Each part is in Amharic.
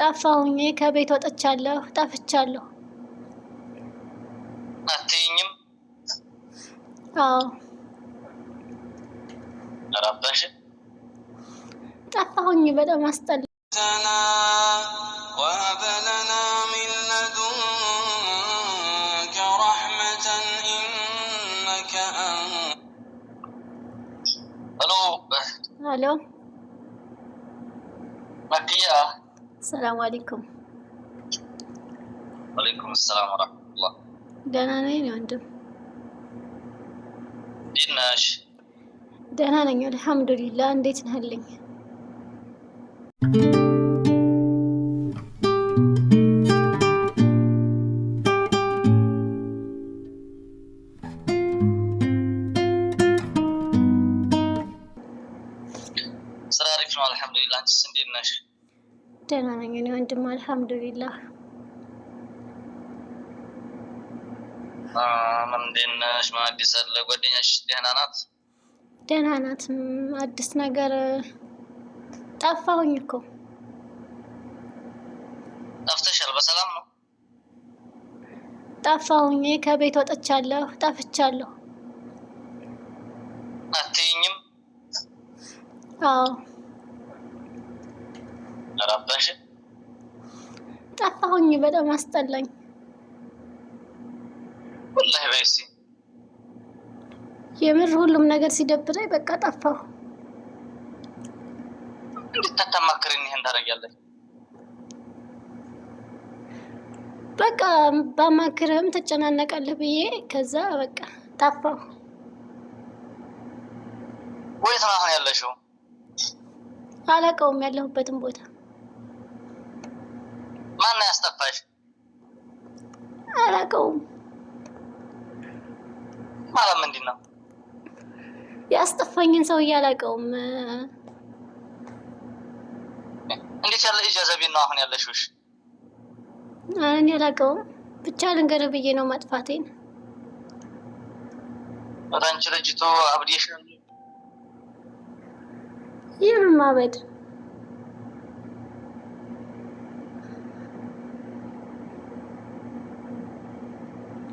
ጠፋሁኝ። ከቤት ወጥቻለሁ፣ ጠፍቻለሁ። አትይኝም? አዎ ረበሽ ጠፋሁኝ። በጣም አስጠላ። ወሀብ ለና ሚን ለዱንከ ረሕመተን ኢነከ አንተ ሄሎ ሄሎ መኪያ السلام عليكم وعليكم السلام ورحمة الله دانا نين وانتم ديناش دانا نين الحمد لله انديت نهلين السلام عليكم الحمد لله انت سندي الناشر ደህና ነኝ እኔ ወንድም አልሐምዱሊላህ። እንዴት ነሽ? አዲስ አለ ጓደኛሽ ደህና ናት? ደህና ናት። አዲስ ነገር ጠፋሁኝ እኮ። ጠፍተሻል? በሰላም ነው? ጠፋሁኝ። ከቤት ወጥቻለሁ። ጠፍቻለሁ። አትይኝም? አዎ ተራባሽ ጠፋሁኝ። በጣም አስጠላኝ። ወላሂ በይሲ የምር ሁሉም ነገር ሲደብረኝ በቃ ጠፋሁ። እንዴት ይህን ታደርጊያለሽ? በቃ ባማክርህም ትጨናነቃለህ ብዬ ከዛ በቃ ጠፋሁ። ወይ ናሆን ያለሽው አላውቀውም ያለሁበትን ቦታ ማነው ያስጠፋሽ? አላውቀውም። ማለት ምንድን ነው? ያስጠፋኝን ሰውዬ አላውቀውም። እንዴት ያለ ኢጃዘቢን ነው አሁን ያለሽሽ? እኔ አላውቀውም። ብቻ ልንገርህ ብዬ ነው ማጥፋቴን። አንቺ ልጅቱ አብዴሽን ይህም ማበድ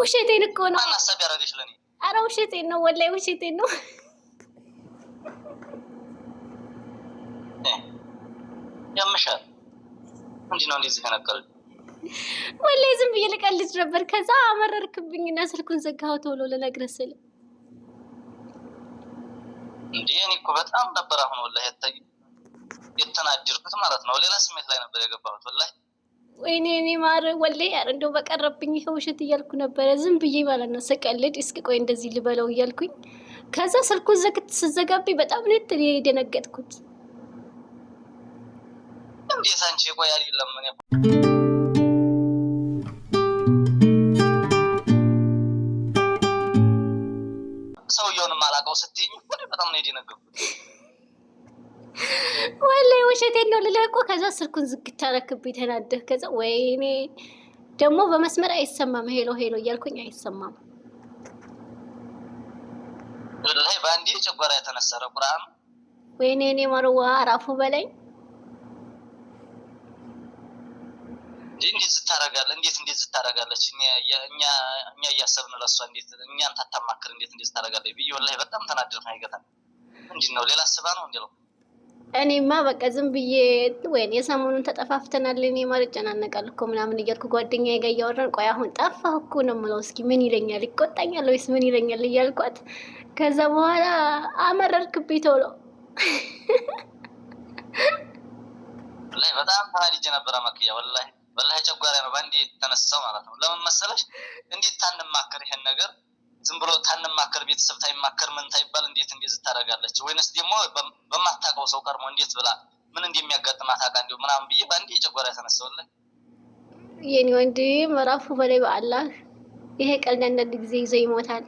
ውሸቴን እኮ ነው። ኧረ ውሸቴን ነው፣ ወላሂ ውሸቴን ነው። ያምሻል እንዲህ ነው እንደዚህ የነገረኝ። ወላሂ ዝም ብዬ ልቀልድ ነበር። ከዛ አመረርክብኝና ስልኩን ዘጋኸው ቶሎ ልነግርህ ስል እንዴ እኔ እኮ በጣም ነበር አሁን ወላሂ የተናደድኩት ማለት ነው። ሌላ ስሜት ላይ ነበር የገባሁት ወላሂ ወይኔ እኔ ማር ወሌ ያር እንደው በቀረብኝ ይሄ ውሸት እያልኩ ነበረ። ዝም ብዬ ማለት ነው ስቀልድ፣ እስኪ ቆይ እንደዚህ ልበለው እያልኩኝ ከዛ ስልኩ ዘግት ስዘጋብኝ በጣም ነት የደነገጥኩት ሰውየውንም አላውቀው ስትይኝ በጣም ነው የደነገጥኩት። ውሸቴን ነው ልልህ እኮ። ከዛ ስልኩን ዝግት ታረክብኝ ተናደህ። ከዛ ወይኔ ደግሞ በመስመር አይሰማም። ሄሎ ሄሎ እያልኩኝ አይሰማም። ወላሂ በአንዴ ጨጓራ የተነሰረ ቁርአን። ወይኔ እኔ መርዋ አራፉ በላይ እንዴት ዝታረጋለ እንዴት እንዴት ዝታረጋለች? እኛ እያሰብን ለሷ እንዴት እኛን ታታማክር እንዴት እንዴት ዝታረጋለ ብዬ ወላሂ በጣም ተናደድኩ። አይገታል እንዲህ ነው ሌላ አስባ ነው እንዲ እኔማ በቃ ዝም ብዬ ወይኔ የሰሞኑን ተጠፋፍተናል። እኔ ማለት ጨናነቃል እኮ ምናምን እያልኩ ጓደኛዬ ጋር እያወራን ቆይ አሁን ጠፋህ እኮ ነው የምለው። እስኪ ምን ይለኛል? ይቆጣኛል ወይስ ምን ይለኛል? እያልኳት ከዛ በኋላ አመረርክብኝ ቶሎ ላይ በጣም ተናድጄ ነበረ። መክያ ወላሂ ወላሂ ጨጓራ ነው በአንዴ የተነሳው ማለት ነው። ለምን መሰለሽ እንዴት ታንማከር ይሄን ነገር ዝም ብሎ ታንማከር ቤተሰብ ታይማከር ምን ታይባል እንዴት እንደዚህ ታደርጋለች? ወይንስ ደግሞ በማታውቀው ሰው ቀርሞ እንዴት ብላ ምን እንደሚያጋጥማት አውቃ እንዲሁ ምናምን ብዬ በአንዴ የጨጓራ የተነሳውለን የኔ ወንድም ምዕራፉ በላይ በአላህ ይሄ ቀልድ አንዳንድ ጊዜ ይዘ ይሞታል።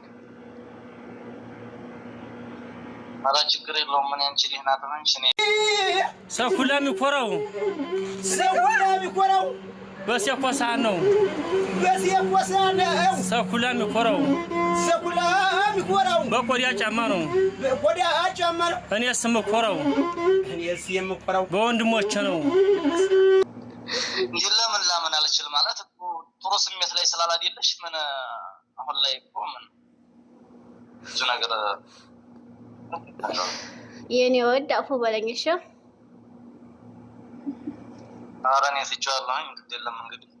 ኧረ ችግር የለውም። ምን ሰው ሁላ የሚኮራው ሰው ሁላ የሚኮራው በሴኮ ነው። በሴኮ ነው ሰው ሁላ የሚኮራው የሚኮራው በቆዳ ጫማ ነው። ቆዳ ጫማ ነው። እኔስ የምኮራው እኔስ የምኮራው በወንድሞቼ ነው። ለምን ለምን አልችል ማለት ጥሩ ስሜት ላይ ስላላደለሽ ምን አሁን ላይ እኮ ምን ብዙ ነገር የኔ ወድ አፉ በለኝ እሺ። እኔ ትቼዋለሁኝ ግድ የለም እንግዲህ